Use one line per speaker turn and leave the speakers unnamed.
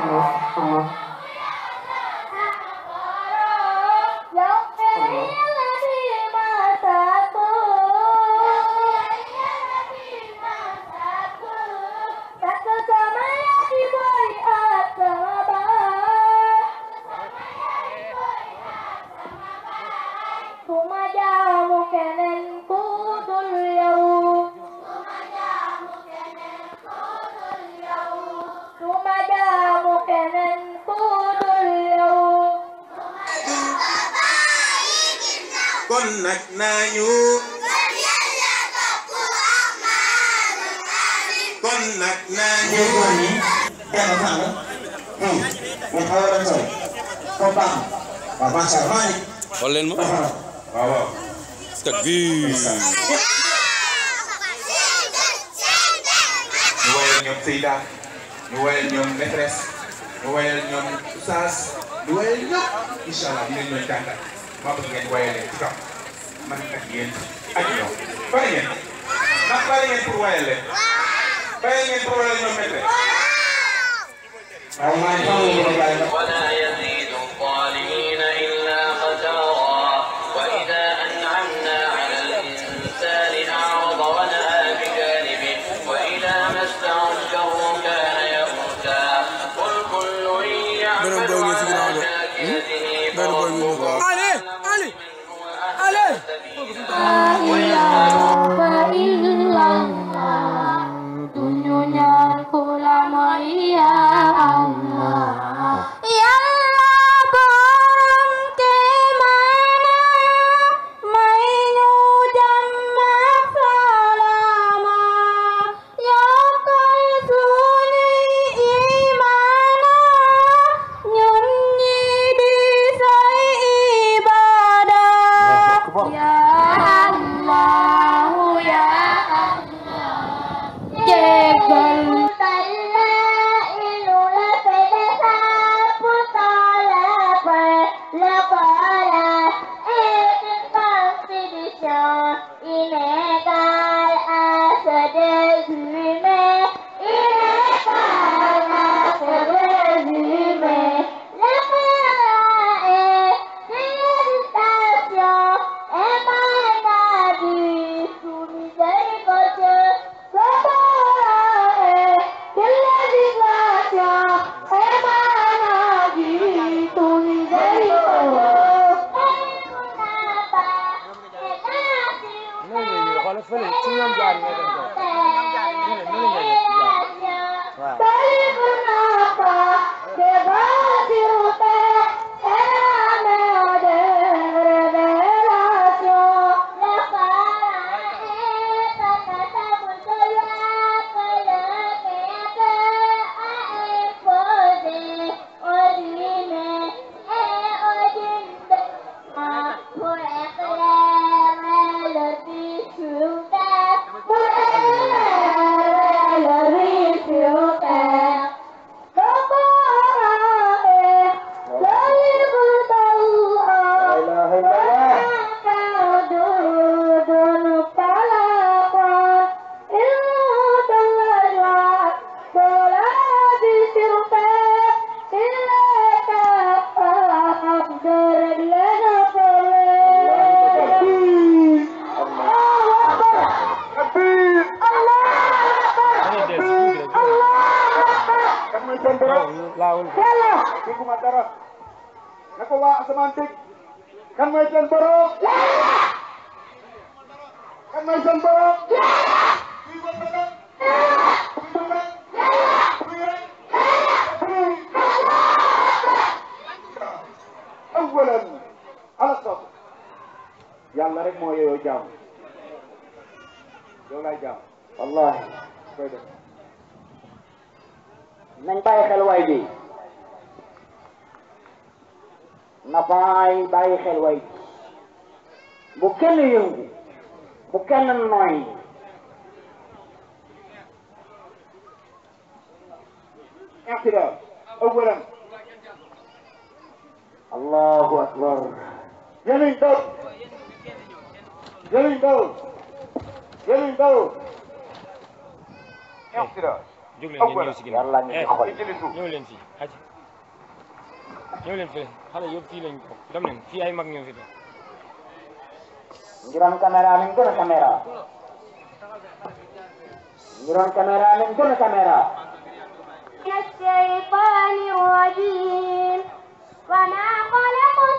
Thank you. kon nag nañu kon nag nañu xool leen ma waaw waaw skat bi ñu wayal ñoom Seyda ñu wayal ñoom maîtresse ñu wayal ñoom Oustaz ñu wayal ñoom incha allah dinañ leen jàngal ma bëgg ngeen wayal leen ci kaw man ak yéen ak ñoom pare ngeen ndax pare ngeen pour wayal leen pare ngeen pour wayal ñoom mette waaw maa ngi جبل فالمائل لقد ساب طلبا لقالا اقتصد شوق إليك الأسد kon dara laawul yàlla dégguma dara na ko waa asamaan teg kan mooy seen borom kan mooy seen borom kuy ko dogal kuy dogal kuy rek awalan ala sopp yàlla rek moo yeyoo jaam yow laay jaam wallahi koy def nañ bàyyi xel waay ji na faay bàyyi xel waay ji bu kenn yëngu bu kenn nooy اعتراف اولا الله اكبر جميل دور جميل دور جميل دور اعتراف jóg leen ngeen ñëw si ginnaaw yàlla ñu eh, xool ñëw leen fii aji ñëw leen fële xale yëpp fii lañ ko dem leen fii ay mag ñoo fi toog ngiroon caméra lañ gën a caméra ngiroon caméra lañ gën a caméra من الشيطان الرجيم وما خلقت